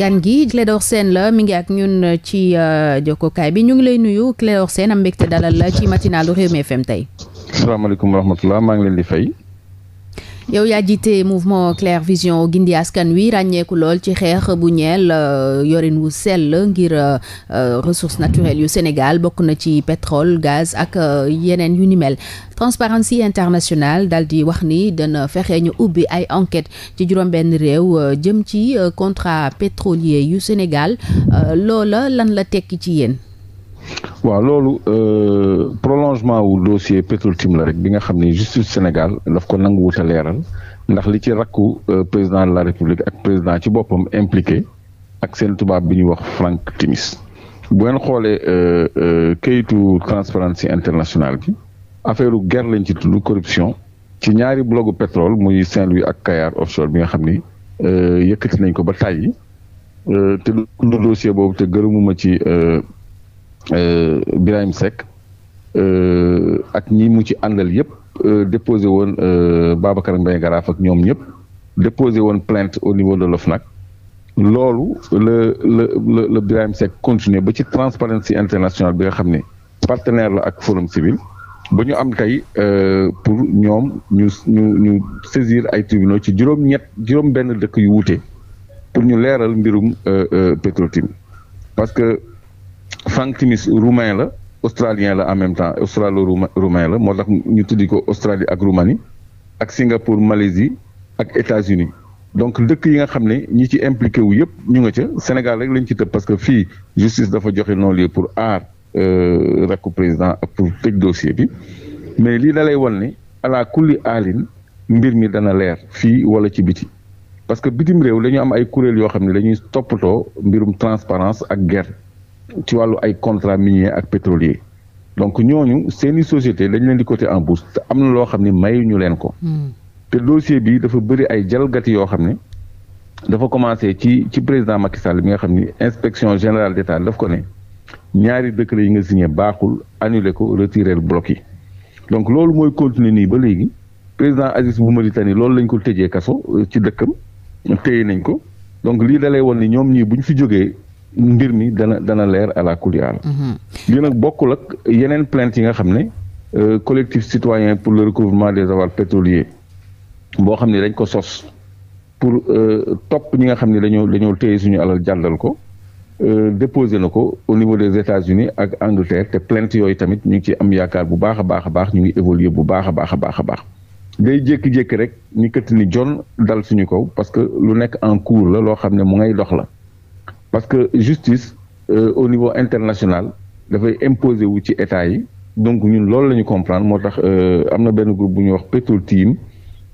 gan gi Clédor Sène la mi ngi ak ñun euh, ci euh, jokkokaay bi ñu ngi lay nuyu Clédor Sène am mbégte dalal la ci matinalu Rewmi FM tey. asalaamaaleykum wa rahmatulah maa ngi leen di fay. yow yaa jiite mouvement Claire Vision gindi askan wi ràññeeku lool ci xeex bu ñeel euh, yorin wu sell ngir euh, ressource naturelles yu Sénégal bokk na ci pétrole gaz ak euh, yeneen yu ni mel Transparency International daal di wax ni dana fexe ñu ubbi ay enquête ci juróom-benn réew jëm ci contrat pétrolier yu Sénégal loola lan la tekk ci yéen. waaw loolu euh, prolongement wu dossier Petrotim tim la rek bi nga xam ne justice Sénégal daf ko nangu wut a leeral ndax li ci rakku euh, président de la république ak président ci boppam impliqué ak seen tubaab bi ñuy wax Frank Timis bu ngeen xoolee euh, kayitu Transparency International bi affaire u guerre lañ ci tuddu corruption ci ñaari blogu pétrole muy Saint-Louis ak Kayar offshore bi nga xam ni yëkkati nañ ko ba tàyyi te du dossier boobu te gërëmuma ci Euh, Birahim Seck euh, ak ñi mu ci àndal yëpp euh, déposé woon Babacar Mbaye Garaaf ak ñoom ñëpp déposé woon plainte au niveau de l'OFNAC loolu la le la la Birahim Seck ba ci Transparency International bi nga xam ne partenaire la ak Forum Civil ba ñu am tey pour ñoom ñu ñu ñu saisir ay tribunaux ci juróom-ñett juróom-benn dëkk yu wuute pour ñu leeral mbirum Petro-Tim parce que. Frank Timis roumain la australien la en même temps australo-roumain la moo tax ñu tuddi ko Australie ak Roumanie ak Singapour Malaisie ak États-Unis donc dëkk yi nga xam ne ñi ci impliqué wu yëpp ñu nga ca Sénégal rek lañ ci tëb parce que fii justice dafa joxe non-lieu pour aar euh, rakku président ak pour tëj dossier bi mais lii da lay wan ne ala kulli aalin mbir mi dana leer fii wala ci biti parce que bitim réew dañu am ay kuréel yoo xam ne dañuy toppatoo mbirum transparence ak guerre ci wàllu ay contrat minier ak pétrolier donc ñooñu seeni société dañ leen di côté en bourse te am na loo xam ne ñu leen ko hmm. te dossier bi dafa bëri ay jalgati yoo xam ne dafa commencé ci ci président Macky Sall bi nga xam ni inspection général d'État daf ko ne ñaari dëkk yi nga signé baaxul annulé ko retiré bloc yi donc loolu mooy continuer nii ba léegi président Aziz bu Mauritanie loolu lañ ko tëjee kaso euh, ci dëkkam téye nañ ko donc lii dalay woon ni ñoom bu ñu fi jógee mbir mi dana dana leer à la kulial mhm. li nag bokkul ak yeneen plainte yi nga xam ne euh, collectif citoyen pour le recouvrement des avoirs pétroliers boo xam ne dañ ko sos pour euh, topp ñi nga xam ne dañoo dañoo téye suñu alal jàllal ko euh, déposer na ko au niveau des États-Unis ak Angleterre te plainte yooyu tamit ñu ngi ci am yaakaar bu baax a baax a baax ñu ngi évoluer bu baax a baax a baax a baax day jékki-jékki rek ñu këtt ni jon dal suñu kaw parce que lu nekk en cours la loo xam ne mu ngay dox la parce que justice euh, au niveau international dafay imposer wu ci état yi donc ñun loolu la ñu comprendre moo tax euh, am na benn groupe bu ñuy wax Petrol Team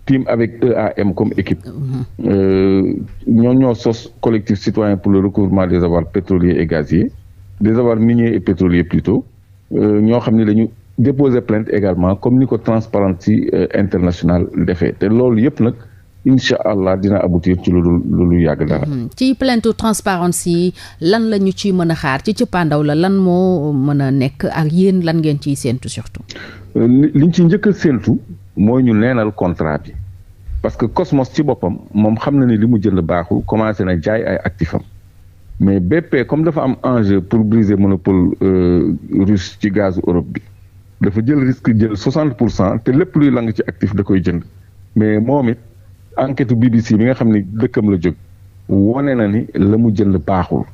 team avec EAM comme équipe mhm. euh, ñoo ñoo sos collectif citoyen pour le recouvrement des avoirs pétroliers et gaziers des avoirs miniers et pétroliers plutôt ñoo xam ni dañu déposer plainte également comme ni ko Transparency International defee te loolu yëpp nag incha allah dina aboutir ci lu lu lu yàgg dara. Mhm. ci plainte transparence si lan la ñu ciy mën a xaar ci cëppaandaw la lan moo mën a nekk ak yéen lan ngeen ciy séentu surtout. Euh, liñ ci njëkk a séentu mooy ñu neenal contrat bi parce que Cosmos ci boppam moom xam na ni li mu jënd baaxu commencé na jaay ay actifs mais BP comme dafa am enjeu pour briser monopole euh, russe ci gazu Europe bi dafa jël risque jël 60 pour cent te lépp luy lang ci actif da koy jënd mais moom enquête BBC bi nga xam ni dëkkam la jóg wone na ni la mu jënd baaxul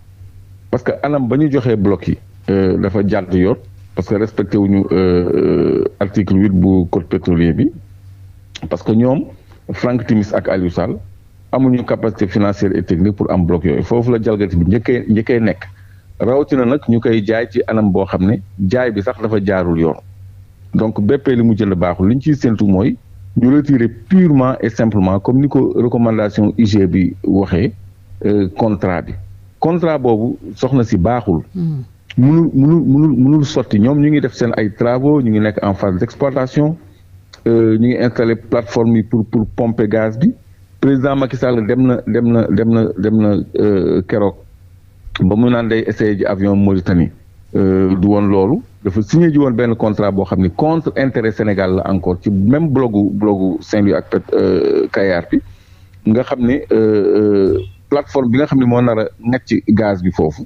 parce que anam ba ñu joxee bloc yi euh, dafa jàdd yoon parce que respecté wuñu euh, euh, article huit bu code pétrolier bi parce que ñoom Frank Timis ak Aliou Sall amuñu capacité financier et technique pour am bloc yooyu foofu la jalgati bi njëkkee njëkkee nekk rawatina nag ñu koy jaay ci anam boo xam ne jaay bi sax dafa jaarul yoon donc bépp li mu jënd baaxul liñ ñu ciy séntu mooy ñu retirer purement et simplement comme ni ko recommandation IG bi waxee euh, contrat bi contrat boobu soxna si baaxul. mënul hmm. mënul mënul sotti ñoom ñu ngi def seen ay travaux ñu ngi nekk en phase d'exploitation euh, ñu ngi installé plateforme yi pour pour pomper bi président Macky Sall dem na dem na dem na dem na euh, keroog ba mu naan day essayé ji avion Mauritanie du woon loolu. dafa signé ji woon benn contrat boo xam ni contre intérêt Sénégal la encore ci même blogu blogu Saint-Louis ak pet euh, Kayar bi nga xam ne euh, euh, plateforme bi nga xam ne moo nar a ngacc gaz bi foofu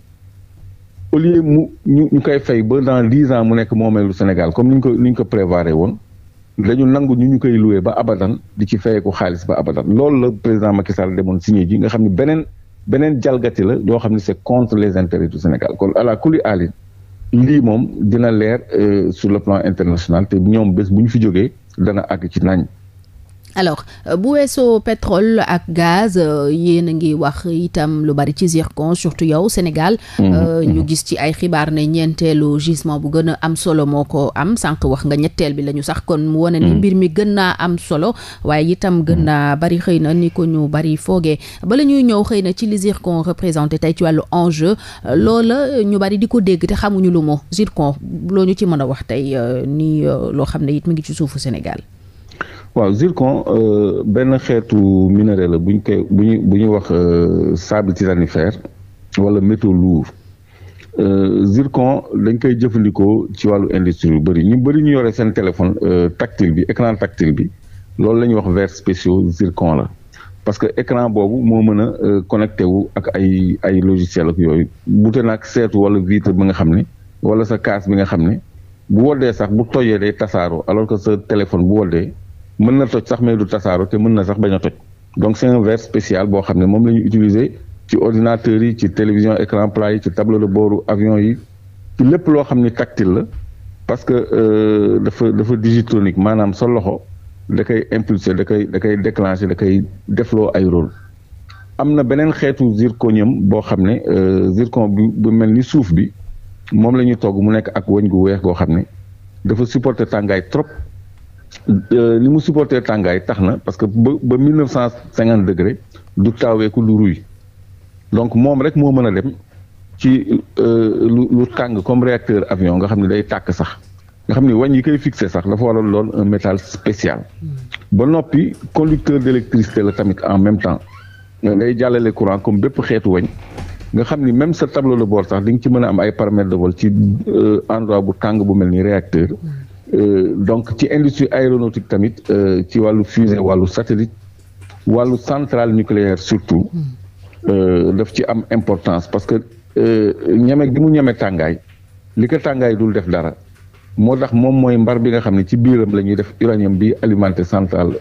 au mu ñu ñu koy ba dans dix ans mu nekk moomeelu Sénégal comme ni ñu ko ni ñu ko prévoir woon dañu ñu ñu koy loué ba abadan di ci fayeeku xaalis ba abadan loolu la président Macky Sall demoon signé ji nga xam ni beneen beneen jalgati la doo xam ne c'est contre les intérêts du Sénégal kon ala kuli alin lii moom dina leer euh, sur le plan international te ñoom bés bu ñu fi jógee dana àgg ci nañ alors euh, bu weesoo pétrole ak gaz euh, yéen a ngi wax itam lu bari ci zircon surtout yow Sénégal. Mhm. Euh, ñu mhm. gis ci ay xibaar ne ñeenteelu gisement bu gën a am solo moo ko am sànq wax nga ñetteel bi lañu sax kon mu wane ni mhm. mbir mi gën naa am solo waaye itam gën naa bari xëy na ni ko ñu bari foogee bala ñuy ñëw xëy na ci li zircon représenté tey ci wàllu enjeu loola ñu bari di ko dégg te xamuñu lu moo zircon loo ñu ci mën a wax tey nii loo xam ne it mu ngi ci suufu Sénégal. waaw zircon euh, benn xeetu minerai la bu ñu koy bu ñu bu ñuy wax euh, sable titanifère wala métaux lourds euh, zircon dañ koy jëfandikoo ci wàllu industrie yu bëri ñu bëri ñu yore seen téléphone tactile bi écran tactile bi loolu la ñuy wax verres spéciaux zircon la parce que écran boobu moo mën a connecté wu ak ay ay logiciel ak yooyu bute ak seetu wala vitre ba nga xam ne wala sa kaas bi nga xam ne bu woddee sax bu tojee day tasaaroo alors que sa téléphone bu woddee mën na toj sax mais du tasaaro te mën na sax bañ a toj donc c'est un spécial boo xam ne moom la ñu ci ordinateurs yi ci télévision écran plat yi ci tableau de bord avion yi ci lépp loo xam ni tactile la parce que euh, dafa dafa digitronique maanaam sa loxo da koy impulser da koy da koy déclencher da koy defloo ay rôle am na beneen xeetu zirconium boo xam ne euh, zircon bu bu mel ni suuf bi moom la ñuy togg mu nekk ak wëñ gu weex goo xam ne dafa supporter tàngaay trop Euh, li mu supporter tàngaay tax na parce que ba ba mille neuf cent cinquante degré du taaweeku lu ruy donc moom rek moo mën a dem ci euh, lu lu tàng comme réacteur avion nga xam ne day tàkk sax nga xam ne wañ yi koy fixé sax dafa waral loon un métal spécial hmm. ba noppi conducteur te la tamit en même temps ngay jàllale courant comme bépp xeetu wañ nga xam ni même sa tableau de bord sax di nga ci mën a am ay paramètres de vol ci euh, endroit bu tàng bu mel ni réacteur hmm. Euh, donc ci industrie aéronautique tamit euh, ci wàllu fusée wàllu satellite wàllu centrale nucléaire surtout euh, daf ci am importance parce que ñeme gi mu ñeme tàngaay li ko tàngaay dul def dara moo tax moom mooy mbar bi nga xam ne ci biiram la ñuy def uranium bi alimenté centrale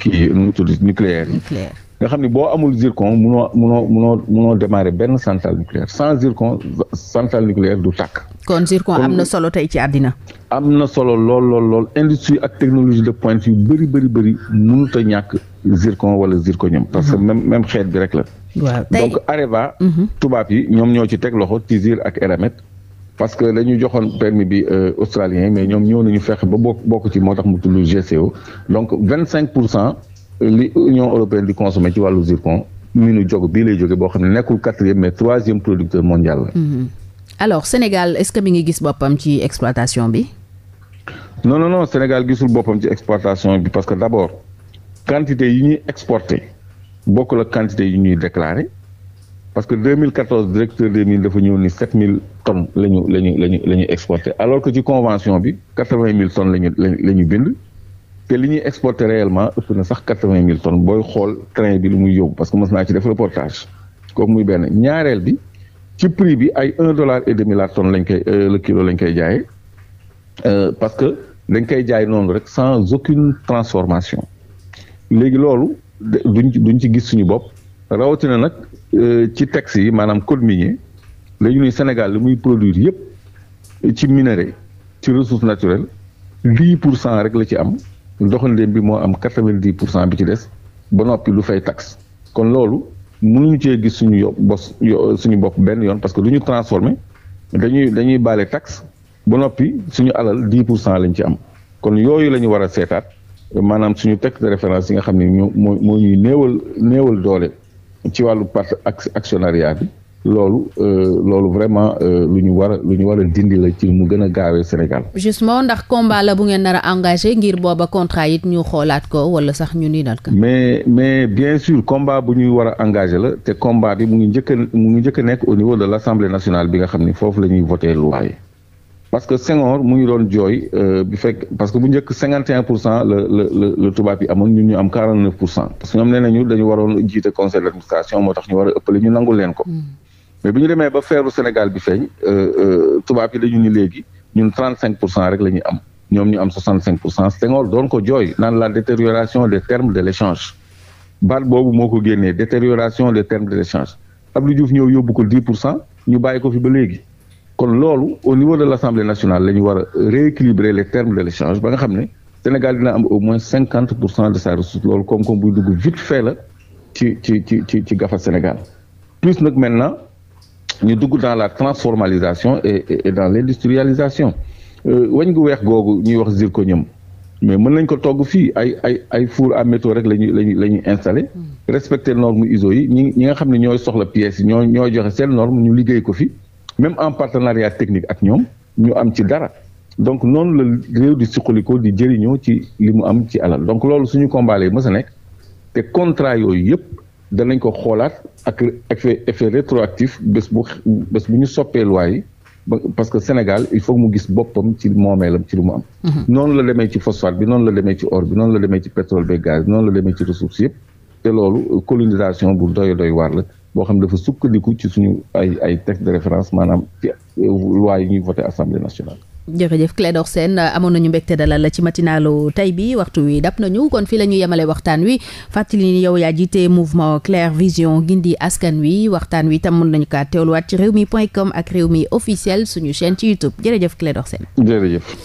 kii nu mu tudd nucléaire yi nga xam ne boo amul zircon munoo munoo munoo munoo démarrer benn centrale nucléaire sans zircon centrale nucléaire du tàkk kon zircon am na solo tey ci àddina. am na solo lool lool lool industrie ak technologie de pointe yu bëri bëri bëri mënut a ñàkk zircon wala zirconium parce que mhm. même même xeet bi rek la. waaw donc Areva. Mhm. tubaab yi ñoom ñoo ci teg loxo Tizir ak Eramet. parce que dañu joxoon permis bi euh, australien mais ñoom ñoo nañu fexe ba bokk bokk ci moo tax mu tudd GCO donc vingt cinq pour cent li Union européenne di consommer ci wàllu zircon minu jog bii lay jóge boo xam ne nekkul quatrième mais troisième producteur mondial la. Mhm. alors Sénégal est-ce que mi ngi gis boppam ci exploitation bi. non non non Sénégal gisul boppam ci exploitation bi parce que d'abord quantité yi ñuy exporté bokkul ak quantité yi ñuy déclaré parce que 2014 directeur des mines dafa ñëw ni 7000 mille la ñu la ñu la ñu la ñu exporté alors que ci convention bi 80 000 tonnes la ñu la ñu bind. te li ñuy exporté réellement ëpp na sax quatre-vingt mille tonnes booy xool train bi lu muy yóbbu parce que mos naa ci def reportage muy benn ñaareel bi. ci prix bi ay un dollar et demi la lañ koy euh, le kilo lañ koy jaayee euh, parce que dañ koy jaay noonu rek sans aucune transformation léegi loolu duñ duñ ci gis suñu bopp rawatina nag euh, ci taxe yi maanaam code minier lañu ne Sénégal li muy produire yépp ci minerai ci ressource naturelle dix pour cent rek la ci am doxandéem bi moo am quatre vingt pour cent bi ci des ba noppi lu fay taxe kon loolu mënuñu cee gis suñu yo bos suñu bopp benn yoon parce que du ñu transformé dañuy dañuy baale taxe ba noppi suñu alal 10 pour cent lañ ci am kon yooyu la ñu war a seetaat maanaam suñu texte de référence yi nga xam ne ñoo moo moo ñuy néewal néewal doole ci wàllu part actionnariat bi loolu euh, loolu vraiment euh, lu ñu war a lu ñu war a dindi la ci mu gën a gaawee Sénégal. justement ndax combat la bu ngeen nar a engagé ngir booba contrat yi ñu xoolaat ko wala sax ñu nii ko. mais mais bien sûr combat bu ñuy war a engagé la te combat bi mu ngi njëkk mu ngi njëkk nekk au niveau de l' assemblée nationale bi nga xam ni foofu la ñuy voté loi yi parce que Senghor mu ngi doon jooy euh, bi fekk parce que bu njëkk 51 pour cent la la la la tubaab yi amoon ñun ñu am pour cent parce que ñoom nee nañu dañu waroon jiite conse d' administration moo tax ñu war ñu nangul leen ko. Hmm. mais bi ñu demee ba feeru Sénégal bi feeñ euh, euh, tubaab yi dañu ni léegi ñun 35 pour cent rek la ñuy am ñoom ñu am 65 pour cent Senghor doon ko jooy naan la détérioration des termes de l'échange baat boobu moo ko génnee détérioration de terme de l'échange Abdou Diouf ñëw yóbbu ko 10 pour cent ñu bàyyi ko fi ba léegi kon loolu au niveau de l'Assemblée nationale la ñu war a rééquilibrer les termes de l'échange ba nga xam ne Sénégal dina am au moins pour cent de sa ressource loolu koom-koom buy dugg vite la ci ci ci ci ci gafa Sénégal plus ñu dugg dans la transformalisation et et, et dans l'industrialisation euh, wañ gu weex googu ñuy wax zirconium mais mën nañ ko togg fii ay ay ay four à métaux rek la ñuy la ñuy la ñuy installé hmm. respecter norme ISO yi ñi ñi nga xam ne ñooy soxla pièces yi ñoo ñooy joxe seen norme ñu liggéey ko fii même en partenariat technique ak ñoom ñu am ci dara donc noonu la réew di suqalikoo di jëriñoo ci li mu am ci alal donc loolu suñu combat lay mës a nekk te contrat yooyu yëpp danañ ko xoolaat ak effet effet rétroactif bés bu bés bu ñu soppee loi yi parce que Sénégal il faut mu gis boppam ci moomeelam ci lu mu am. Mm-hmm. noonu la demee ci phosphate bi noonu la demee ci or bi noonu la demee ci pétrole bi gaz bi noonu la demee ci ressources yëpp te loolu colonisation bu doy doy waar la boo xam dafa sukkandiku ci suñu ay ay texte de référence maanaam ci euh, loi yi ñuy voté assemblée nationale. jërëjëf Clédor Sène amoon nañu mbégte dalal la ci matinalu tay bi waxtu wi dab nañu kon fii la ñu yemale waxtaan wi fàttali ni yow yaa jiite mouvement Claire Vision gindi askan wi waxtaan wi tam mën nañu kaa teewluwaat ci réew mi point com ak réew mi officiel suñu chaîne ci YouTube jërëjëf Clédor Sène jërëjëf